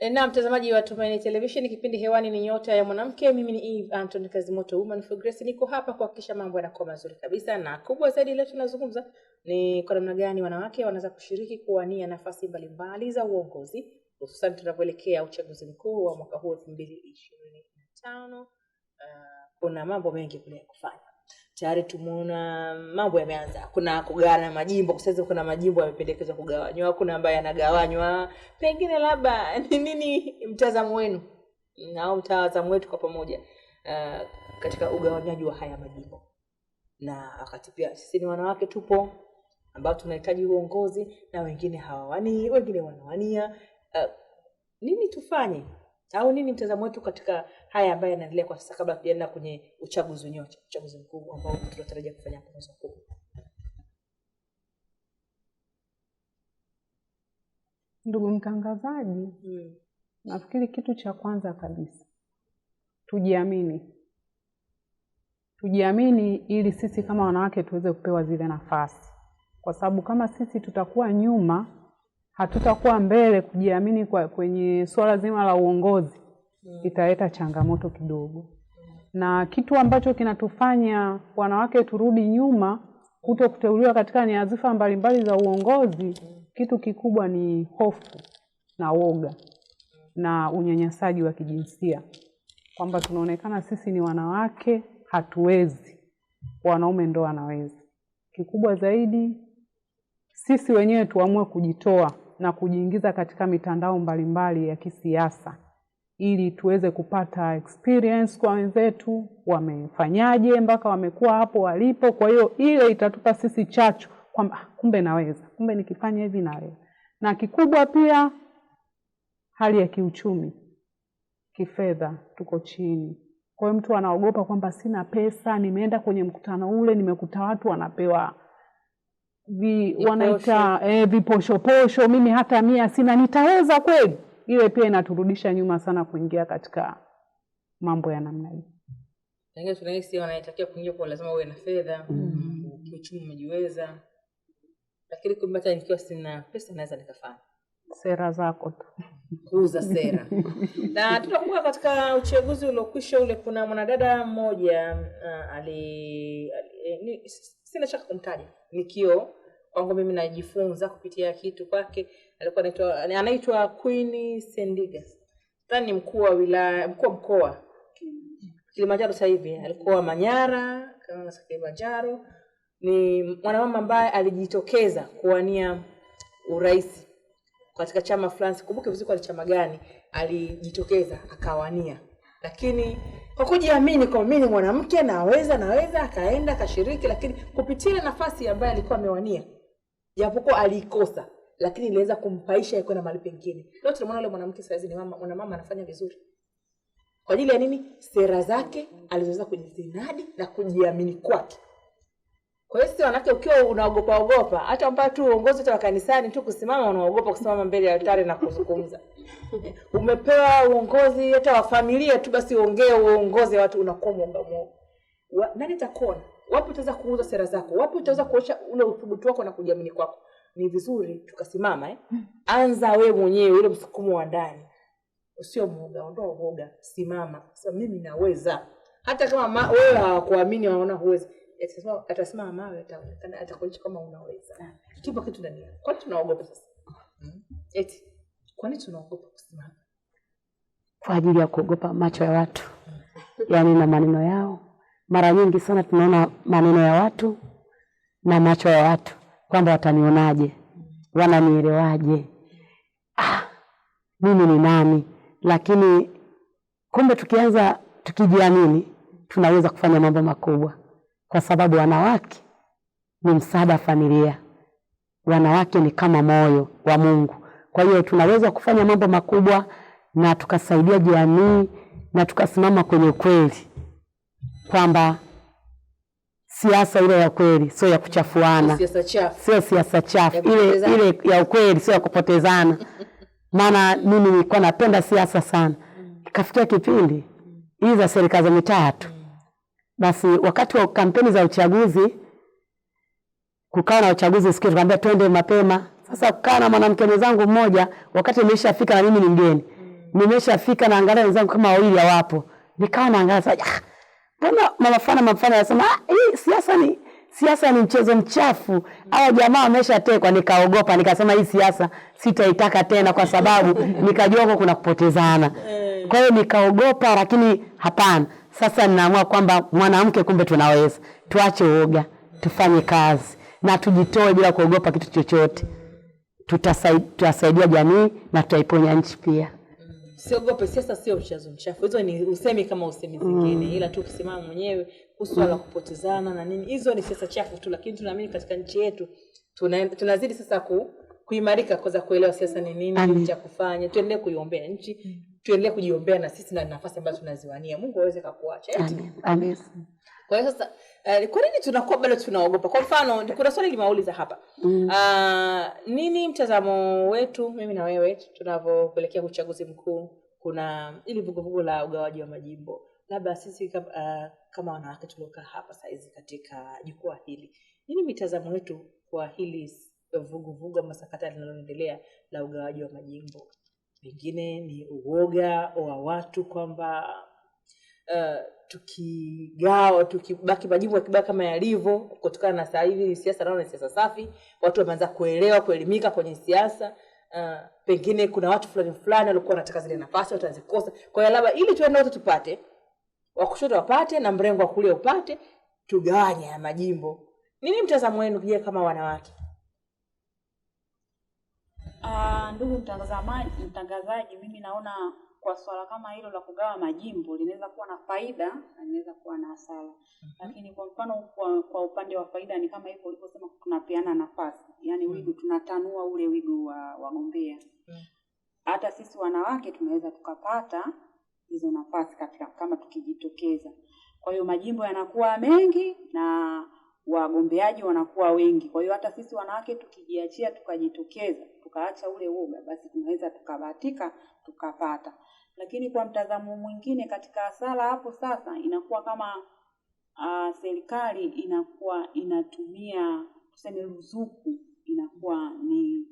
Eh, na mtazamaji wa Tumaini Television, kipindi hewani ni Nyota ya Mwanamke. Mimi ni Eve Anton Kazimoto, woman for grace. Niko hapa kuhakikisha mambo yanakuwa mazuri kabisa, na kubwa zaidi leo tunazungumza ni kwa namna gani wanawake wanaweza kushiriki kuwania nafasi mbalimbali za uongozi, hususan tunapoelekea uchaguzi mkuu wa mwaka huu elfu mbili ishirini na tano. Ah, kuna mambo mengi kule ya kufanya tayari tumeona mambo yameanza. Kuna kugawana majimbo, kwa sababu kuna majimbo yamependekezwa kugawanywa, kuna ambayo yanagawanywa. Pengine labda ni nini mtazamo wenu au mtazamo wetu kwa pamoja uh, katika ugawanyaji wa haya majimbo, na wakati pia sisi ni wanawake tupo ambao tunahitaji uongozi na wengine hawawani wengine wanawania. Uh, nini tufanye? au nini mtazamo wetu katika haya ambayo yanaendelea kwa sasa, kabla tujaenda kwenye uchaguzi wenyewe, uchaguzi mkuu ambao tunatarajia kufanya hapo mwezi mkuu? Ndugu mtangazaji, hmm. Nafikiri kitu cha kwanza kabisa tujiamini, tujiamini ili sisi kama wanawake tuweze kupewa zile nafasi, kwa sababu kama sisi tutakuwa nyuma hatutakuwa mbele kujiamini kwa kwenye suala zima la uongozi, italeta changamoto kidogo. Na kitu ambacho kinatufanya wanawake turudi nyuma kuto kuteuliwa katika nyadhifa mbalimbali za uongozi, kitu kikubwa ni hofu na woga na unyanyasaji wa kijinsia, kwamba tunaonekana sisi ni wanawake hatuwezi, wanaume ndo wanaweza. Kikubwa zaidi sisi wenyewe tuamue kujitoa na kujiingiza katika mitandao mbalimbali ya kisiasa ili tuweze kupata experience kwa wenzetu, wamefanyaje mpaka wamekuwa hapo walipo. Kwa hiyo ile itatupa sisi chachu kwamba ah, kumbe naweza, kumbe nikifanya hivi naweza. Na kikubwa pia, hali ya kiuchumi, kifedha, tuko chini. Kwa hiyo mtu anaogopa kwamba sina pesa, nimeenda kwenye mkutano ule, nimekuta watu wanapewa vi, wanaita eh, viposhoposho. Mimi hata mia sina, nitaweza kweli? Ile pia inaturudisha nyuma sana kuingia katika mambo ya namna hii. wanaitakia kuingia kwa lazima uwe na fedha mm. kiuchumi, umejiweza. Lakini kumbe hata nikiwa sina pesa naweza nikafanya sera zako tu kuuza sera na tutakuwa katika uchaguzi uliokwisha ule, kuna mwanadada mmoja uh, ali, ali, ali eh, sina shaka kumtaja, ni kwangu mimi, najifunza kupitia kitu kwake. Alikuwa anaitwa anaitwa Queen Sendiga, tani ni mkuu wa wilaya, mkuu wa mkoa Kilimanjaro. Sasa hivi alikuwa Manyara, kama Kilimanjaro. Ni mwanamama ambaye alijitokeza kuwania urais katika chama fulani, sikumbuke vizuri kwa chama gani, alijitokeza akawania lakini kwa kujiamini, kwa mimi ni mwanamke naweza, naweza, akaenda akashiriki, lakini kupitia ile nafasi ambayo alikuwa amewania, japokuwa aliikosa, lakini iliweza kumpaisha kwenda mahali pengine. Leo tunamwona yule mwanamke saizi ni mama, mama anafanya vizuri kwa ajili ya nini? Sera zake alizoweza kujizinadi na kujiamini kwake. Kwa hiyo sisi wanawake ukiwa unaogopa ogopa, hata mpaka tu uongozi wa kanisani tu kusimama, unaogopa kusimama mbele ya altari na kuzungumza. Umepewa uongozi hata wa familia tu, basi uongee uongoze watu, unakuwa mwoga mwoga. Nani atakuona? Wapi utaweza kuuza sera zako? Wapi utaweza kuosha ule uthubutu wako na kujiamini kwako? Ni vizuri tukasimama eh? Hmm. Anza wewe mwenyewe ule msukumo wa ndani, usio mwoga, ondoa uoga, simama sasa, mimi naweza. Hata kama wewe hawakuamini, wanaona huwezi ataonekana, unaweza. kitu ndani yako. Kwani tunaogopa sasa? Hmm? Eti kwani tunaogopa kusimama kwa ajili ya kuogopa macho ya watu, yaani na maneno yao. Mara nyingi sana tunaona maneno ya watu na macho ya watu, kwamba watanionaje, wananielewaje, ah, mimi ni nani? Lakini kumbe tukianza tukijiamini, tunaweza kufanya mambo makubwa kwa sababu wanawake ni msaada familia, wanawake ni kama moyo wa Mungu. Kwa hiyo tunaweza kufanya mambo makubwa na tukasaidia jamii na tukasimama kwenye ukweli kwamba siasa ile ya kweli sio ya kuchafuana, sio siasa chafu, ile ile ya ukweli, sio ya kupotezana maana mimi nilikuwa napenda siasa sana, ikafikia kipindi hizi za serikali za mitaa tu basi wakati wa kampeni za uchaguzi kukawa na uchaguzi siku tukamwambia twende mapema. Sasa kukaa na mwanamke mwenzangu mmoja wakati nimeshafika na mimi ni mgeni. Nimeshafika na angalia wenzangu kama wawili hawapo. Nikawa naangalia sasa ah, mbona mama fulani mama fulani anasema ah, hii siasa ni siasa ni mchezo mchafu. au jamaa wameshatekwa. Nikaogopa, nikasema hii siasa sitaitaka tena, kwa sababu nikajua huko kuna kupotezana. Eh. Kwa hiyo nikaogopa, lakini hapana. Sasa ninaamua kwamba mwanamke, kumbe tunaweza, tuache uoga, tufanye kazi na tujitoe bila kuogopa kitu chochote. Tutasaidia jamii na tutaiponya nchi pia. Siogope, siasa sio mchezo mchafu. Hizo ni usemi kama usemi zingine mm, ila tu kusimama mwenyewe swala mm, kupotezana na nini, hizo ni siasa chafu tu, lakini tunaamini katika nchi yetu tunazidi tuna sasa ku kuimarika kuweza kuelewa siasa ni nini cha kufanya. Tuendelee kuiombea nchi, mm tuendelee kujiombea na sisi na nafasi ambazo tunaziwania. Mungu aweze kukuacha. Kwa hiyo sasa uh, kwa nini tunakuwa bado tunaogopa? Kwa mfano kuna swali limeuliza hapa mm. Uh, nini mtazamo wetu mimi na wewe tunavyoelekea uchaguzi mkuu, kuna ili vuguvugu la ugawaji wa majimbo, labda sisi kama, uh, kama wanawake tuliokaa hapa saizi katika jukwaa hili, nini mitazamo wetu kwa hili vuguvugu ama sakata linaloendelea la ugawaji wa majimbo? pengine ni uoga wa watu kwamba uh, tukigawa tukibaki majibu yakibaki kama yalivyo, kutokana na sasa hivi siasa naona siasa safi, watu wameanza kuelewa kuelimika kwenye siasa. Uh, pengine kuna watu fulani fulani walikuwa wanataka zile nafasi watazikosa. Kwa hiyo labda ili tuende wote tupate, wa kushoto wapate na mrengo wa kulia upate, tugawanye ya majimbo. Nini mtazamo wenu kija kama wanawake? Uh, ndugu mtangazaji, mtangazaji, mimi naona kwa swala kama hilo la kugawa majimbo linaweza kuwa na faida na linaweza kuwa na hasara. mm-hmm. Lakini kwa mfano kwa, kwa upande wa faida ni kama hivyo ulivyosema, tunapeana nafasi, yaani mm-hmm. wigo tunatanua ule wigo wa wagombea mm-hmm. hata sisi wanawake tunaweza tukapata hizo nafasi katika kama tukijitokeza. Kwa hiyo majimbo yanakuwa mengi na wagombeaji wanakuwa wengi. Kwa hiyo hata sisi wanawake tukijiachia, tukajitokeza, tukaacha ule woga basi tunaweza tukabahatika tukapata. Lakini kwa mtazamo mwingine, katika sala hapo sasa inakuwa kama uh, serikali inakuwa inatumia tuseme, ruzuku inakuwa ni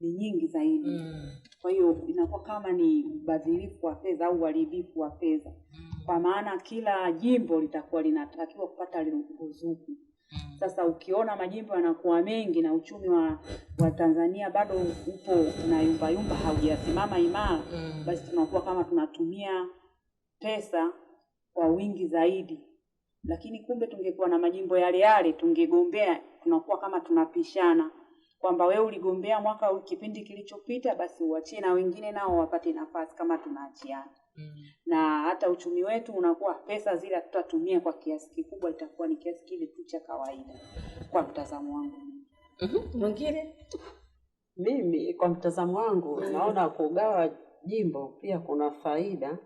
ni nyingi zaidi mm. Kwa hiyo inakuwa kama ni ubadhirifu wa fedha au uharibifu wa fedha, kwa maana kila jimbo litakuwa linatakiwa kupata ruzuku. Mm. Sasa ukiona majimbo yanakuwa mengi na uchumi wa, wa Tanzania bado upo na yumba yumba, haujasimama imara mm. Basi tunakuwa kama tunatumia pesa kwa wingi zaidi, lakini kumbe tungekuwa na majimbo yale yale tungegombea, tunakuwa kama tunapishana kwamba wewe uligombea mwaka kipindi kilichopita, basi uachie na wengine nao wapate nafasi, kama tunaachiana. Mm. na hata uchumi wetu unakuwa, pesa zile tutatumia kwa kiasi kikubwa, itakuwa ni kiasi kile tu cha kawaida, kwa mtazamo wangu mhm. mwingine. Mimi kwa mtazamo wangu mm. naona kugawa jimbo pia kuna faida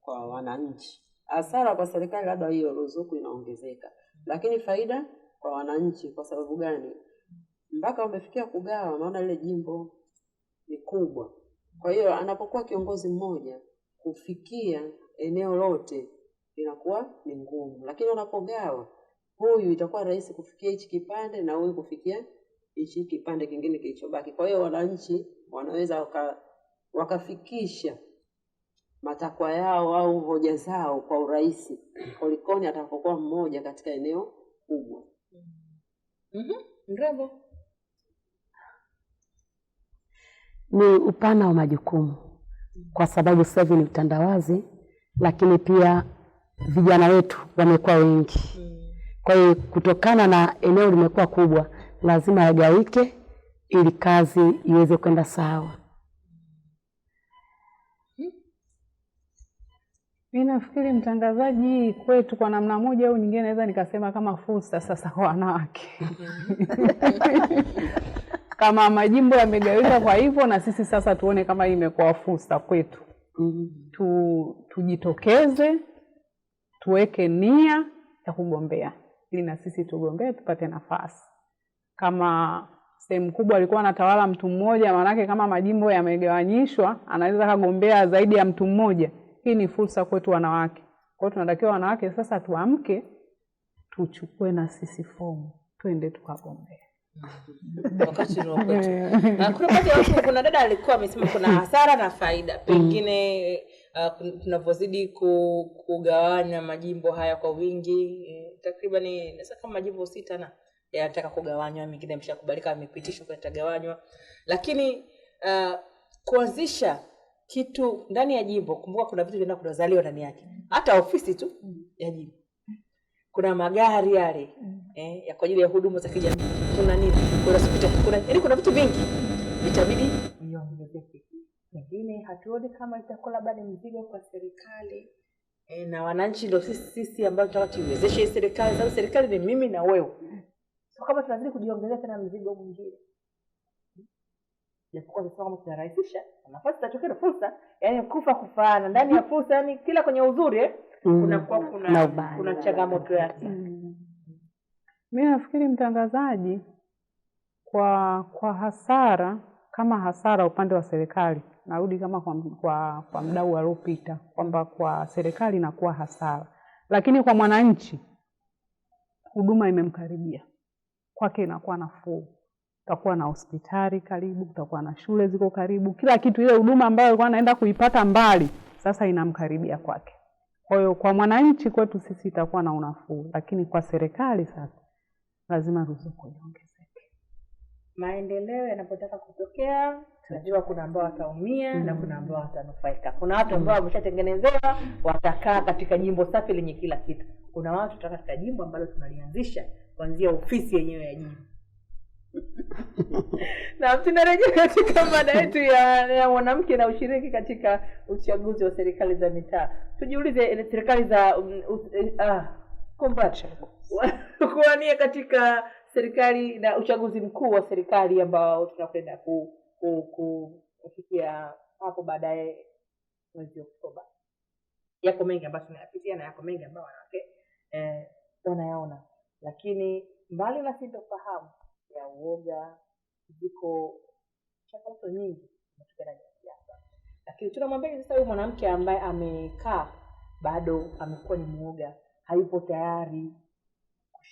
kwa wananchi. Hasara kwa serikali, labda hiyo ruzuku inaongezeka, mm. lakini faida kwa wananchi. Kwa sababu gani? Mpaka umefikia kugawa, naona ile jimbo ni kubwa. Kwa hiyo anapokuwa kiongozi mmoja kufikia eneo lote inakuwa ni ngumu, lakini unapogawa, huyu itakuwa rahisi kufikia hichi kipande na huyu kufikia hichi kipande kingine kilichobaki. Kwa hiyo wananchi wanaweza waka, wakafikisha matakwa yao au hoja zao kwa urahisi kulikoni atakapokuwa mmoja katika eneo kubwa. mm-hmm. Mrembo ni upana wa majukumu kwa sababu sasa hivi ni utandawazi, lakini pia vijana wetu wamekuwa wengi. Kwa hiyo kutokana na eneo limekuwa kubwa, lazima yagawike ili kazi iweze kwenda sawa. Mi nafikiri mtangazaji kwetu kwa namna moja au nyingine, naweza nikasema kama fursa sasa kwa wanawake kama majimbo yamegawika kwa hivyo, na sisi sasa tuone kama imekuwa fursa kwetu tu, tujitokeze tuweke nia ya kugombea ili na sisi tugombee tupate nafasi. Kama sehemu kubwa alikuwa anatawala mtu mmoja, maanake kama majimbo yamegawanyishwa, anaweza kagombea zaidi ya mtu mmoja. Hii ni fursa kwetu wanawake. Kwa hiyo tunatakiwa wanawake sasa tuamke, tuchukue na sisi fomu, twende tukagombea wakati unaokota. Eh. Ah, kuna baadhi watu, kuna dada alikuwa amesema kuna hmm. hasara na faida, hmm. pengine uh, tunavyozidi kugawanya majimbo haya kwa wingi eh, takriban nasa kama majimbo sita na yanataka kugawanywa, mengine ameshakubalika amepitishwa kwa yatagawanywa, lakini uh, kuanzisha kitu ndani ya jimbo, kumbuka kuna vitu vinaenda kunazaliwa ndani yake, hmm. hata ofisi tu ya jimbo, kuna magari yale eh, ya kwa ajili ya huduma za kijamii kuna nini, kuna hospitali, kuna yaani, kuna vitu vingi vitabidi viongezeke. Lakini hatuoni kama itakuwa labda ni mzigo kwa serikali e, na wananchi ndio sisi sisi ambao tunataka tuiwezeshe serikali. Sasa serikali ni mimi na wewe, so kama tunazidi kujiongezea tena mzigo mwingine japokuwa sasa kama tunarahisisha nafasi itatokea na fursa, yani kufa kufaana ndani ya fursa, yani kila kwenye uzuri eh, mm. kuna kwa kuna, kuna changamoto yake mm. Mimi nafikiri mtangazaji kwa kwa hasara kama hasara upande wa serikali, narudi kama kwa, kwa, kwa mdau aliopita kwamba kwa serikali inakuwa hasara, lakini kwa mwananchi huduma imemkaribia kwake, inakuwa nafuu. Utakuwa na hospitali karibu, utakuwa na shule ziko karibu, kila kitu. Ile huduma ambayo alikuwa anaenda kuipata mbali, sasa inamkaribia kwake. Kwa hiyo kwa mwananchi kwetu sisi itakuwa na unafuu, lakini kwa serikali sasa lazima ruzuku iongezeke. Maendeleo yanapotaka kutokea, tunajua kuna ambao wataumia mm. na kuna ambao watanufaika. Kuna watu ambao wameshatengenezewa, watakaa katika jimbo safi lenye kila kitu. Kuna watu tutakaa katika jimbo ambalo tunalianzisha kuanzia ofisi yenyewe ya jimbo na tunarejea katika mada yetu ya, ya mwanamke na ushiriki katika uchaguzi wa serikali za mitaa. Tujiulize serikali za um, uh, uh, kuwania katika serikali na uchaguzi mkuu wa serikali ambao tunakwenda kufikia hapo baadaye mwezi Oktoba. Yako mengi ambayo tunayapitia na yako mengi ambayo wanawake eh, wanayaona, lakini mbali na sintofahamu ya uoga, ziko changamoto nyingi zinatokana na siasa, lakini tunamwambia sasa huyu mwanamke ambaye amekaa bado amekuwa ni mwoga, hayupo tayari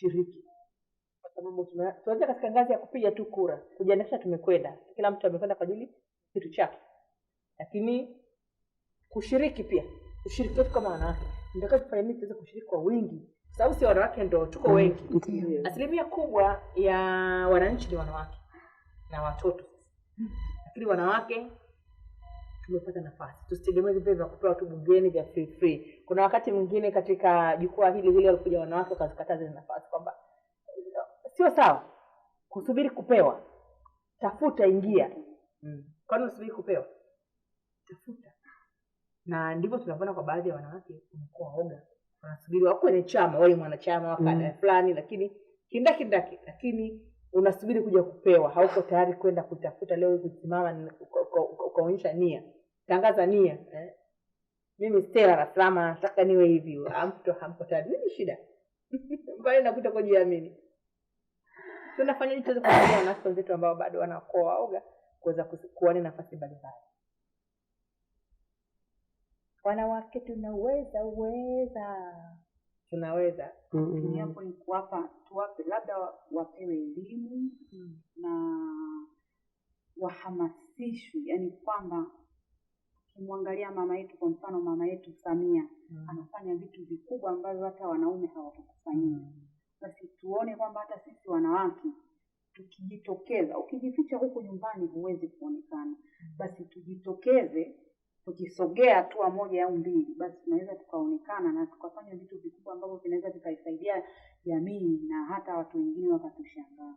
kushiriki kwa sababu tunaanzia katika ngazi ya kupiga tu kura kujiandikisha tumekwenda kila mtu amekwenda kwa ajili kitu chake lakini kushiriki pia ushiriki wetu kama wanawake ntakachofanya mii tuweze kushiriki kwa wingi kwa sababu si wanawake ndo tuko mm, wengi mm asilimia kubwa ya wananchi ni wanawake na watoto lakini wanawake tumepata nafasi tusitegemee vipee vya kupewa tu bungeni vya free free kuna wakati mwingine katika jukwaa hili hili walikuja wanawake wakazikataa zile nafasi kwamba sio sawa kusubiri kupewa tafuta ingia mm. kwani usubiri kupewa tafuta na ndivyo tunavyoona kwa baadhi ya wanawake wamekuwa waoga wanasubiri wako kwenye chama wawe mwanachama wakada mm. fulani lakini kindakindaki lakini unasubiri kuja kupewa, hauko tayari kwenda kutafuta. Leo kusimama ukaonyesha nia, tangaza nia eh? Mimi Stella Raslama nataka niwe hivi, hamto hamko tayari. Nini shida pale? nakuta kujiamini. Tunafanya nini tuweze kusaidia wanawake wetu ambao bado wanakoa waoga kuweza kuona nafasi mbalimbali. Wanawake tunaweza uweza tunaweza lakini hapo ni kuwapa tuwape labda wapewe elimu mm. na wahamasishwe yani kwamba ukimwangalia mama yetu kwa mfano mama yetu samia mm. anafanya vitu vikubwa ambavyo hata wanaume hawatakufanyia mm. basi tuone kwamba hata sisi wanawake tukijitokeza ukijificha huku nyumbani huwezi kuonekana mm. basi tujitokeze tukisogea hatua moja au mbili, basi tunaweza tukaonekana na tukafanya vitu vikubwa ambavyo vinaweza vikaisaidia jamii na hata watu wengine wakatushangaa.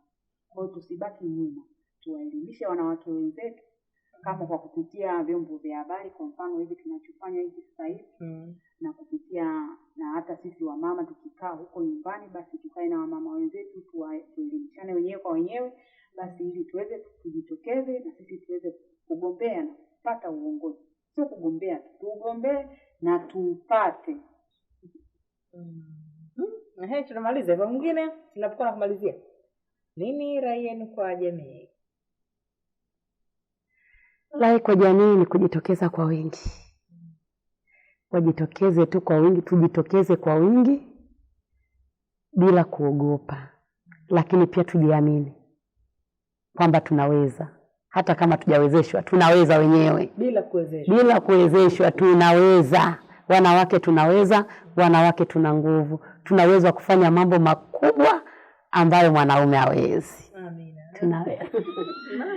Kwa hiyo tusibaki nyuma, tuwaelimishe wanawake wenzetu kama kwa kupitia vyombo vya habari, kwa mfano hivi tunachofanya hivi sasa hivi mm. na kupitia na hata sisi wamama tukikaa huko nyumbani, basi tukae na wamama wenzetu tuelimishane wenyewe kwa wenyewe, basi ili tuweze tujitokeze na sisi tuweze kugombea na kupata uongozi sio kugombea, tugombee na tupate Mm-hmm. tunamaliza hivyo. Mwingine tunapokuwa na kumalizia, nini rai yenu kwa jamii? Rai kwa jamii ni kujitokeza kwa wingi, wajitokeze tu kwa wingi, tujitokeze kwa wingi bila kuogopa, lakini pia tujiamini kwamba tunaweza hata kama tujawezeshwa, tunaweza wenyewe bila kuwezeshwa, bila kuwezeshwa tunaweza. Wanawake tunaweza, wanawake tuna nguvu, tunaweza kufanya mambo makubwa ambayo mwanaume hawezi. Amina, tunaweza.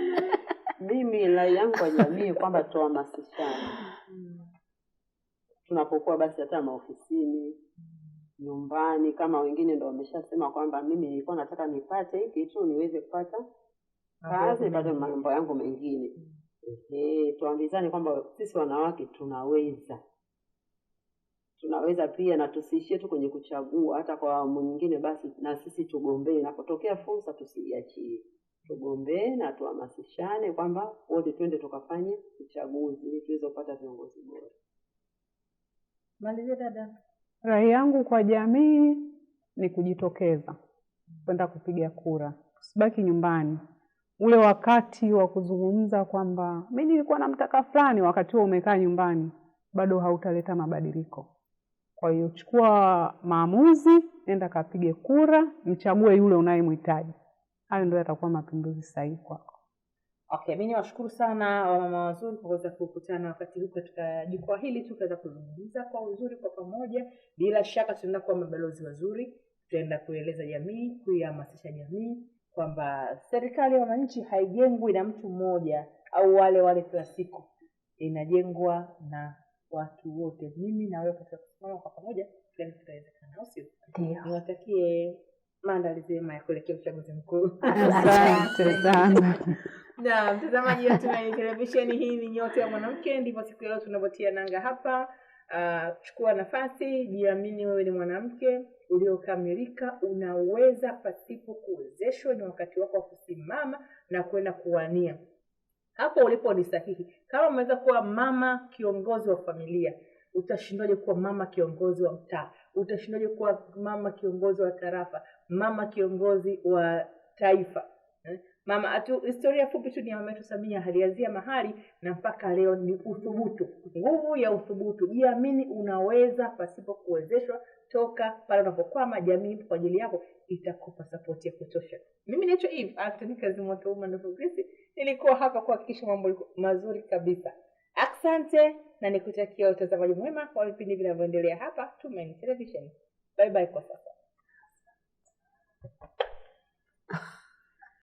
Mimi rai yangu kwa jamii kwamba tuhamasishane tunapokuwa basi, hata maofisini, nyumbani, kama wengine ndo wameshasema kwamba mimi nilikuwa nataka nipate hiki tu niweze kupata kazi, ah, bado mambo yangu mengine. eh, tuambizane kwamba sisi wanawake tunaweza tunaweza pia, na tusiishie tu kwenye kuchagua. Hata kwa awamu nyingine, basi na sisi tugombee, kutokea fursa tusiiachie, tugombee na tuhamasishane kwamba wote twende tukafanye uchaguzi ili tuweze kupata viongozi bora. Malizia dada. Rai yangu kwa jamii ni kujitokeza kwenda kupiga kura, tusibaki nyumbani ule wakati wa kuzungumza kwamba mi nilikuwa na mtaka fulani, wakati huo umekaa nyumbani, bado hautaleta mabadiliko. Kwa hiyo chukua maamuzi, nenda kapige kura, mchague yule unayemhitaji. Hayo ndio yatakuwa mapinduzi sahihi kwako. Okay, mi washukuru sana wamama wazuri kwa kuweza kukutana wakati huu katika jukwaa hili, tu kaweza kuzungumza kwa uzuri kwa pamoja. Bila shaka tunaenda kuwa mabalozi wazuri, tutaenda kueleza jamii, kuihamasisha jamii kwamba serikali ya wananchi haijengwi na mtu mmoja au wale wale kila siku, inajengwa na watu wote, mimi na wewe, katika kusimama kwa pamoja tutawezekana, au sio? Niwatakie maandalizi mema ya kuelekea uchaguzi mkuu. Asante sana. Na mtazamaji wa Tumaini Televisheni, hii ni Nyota ya Mwanamke, ndivyo siku ya leo tunavyotia nanga hapa. Uh, chukua nafasi, jiamini, wewe ni mwanamke uliokamilika unaweza pasipo kuwezeshwa. Ni wakati wako wa kusimama na kwenda kuwania. Hapo ulipo ni sahihi. Kama umeweza kuwa mama kiongozi wa familia, utashindwaje kuwa mama kiongozi wa mtaa? Utashindaje kuwa mama kiongozi wa tarafa, mama kiongozi wa taifa eh? Mama atu, historia fupi tu ni mama yetu Samia, alianzia mahali na mpaka leo ni uthubutu, nguvu ya uthubutu. Jiamini, unaweza pasipo kuwezeshwa, toka pale unapokwama, jamii kwa ajili yako itakupa sapoti ya kutosha. Mimi naitwa Eve Anthony Kazimoto Woman of Grace, nilikuwa hapa kuhakikisha mambo mazuri kabisa. Asante na nikutakia utazamaji mwema wa vipindi vinavyoendelea hapa Tumaini Television. Bye bye kwa sasa.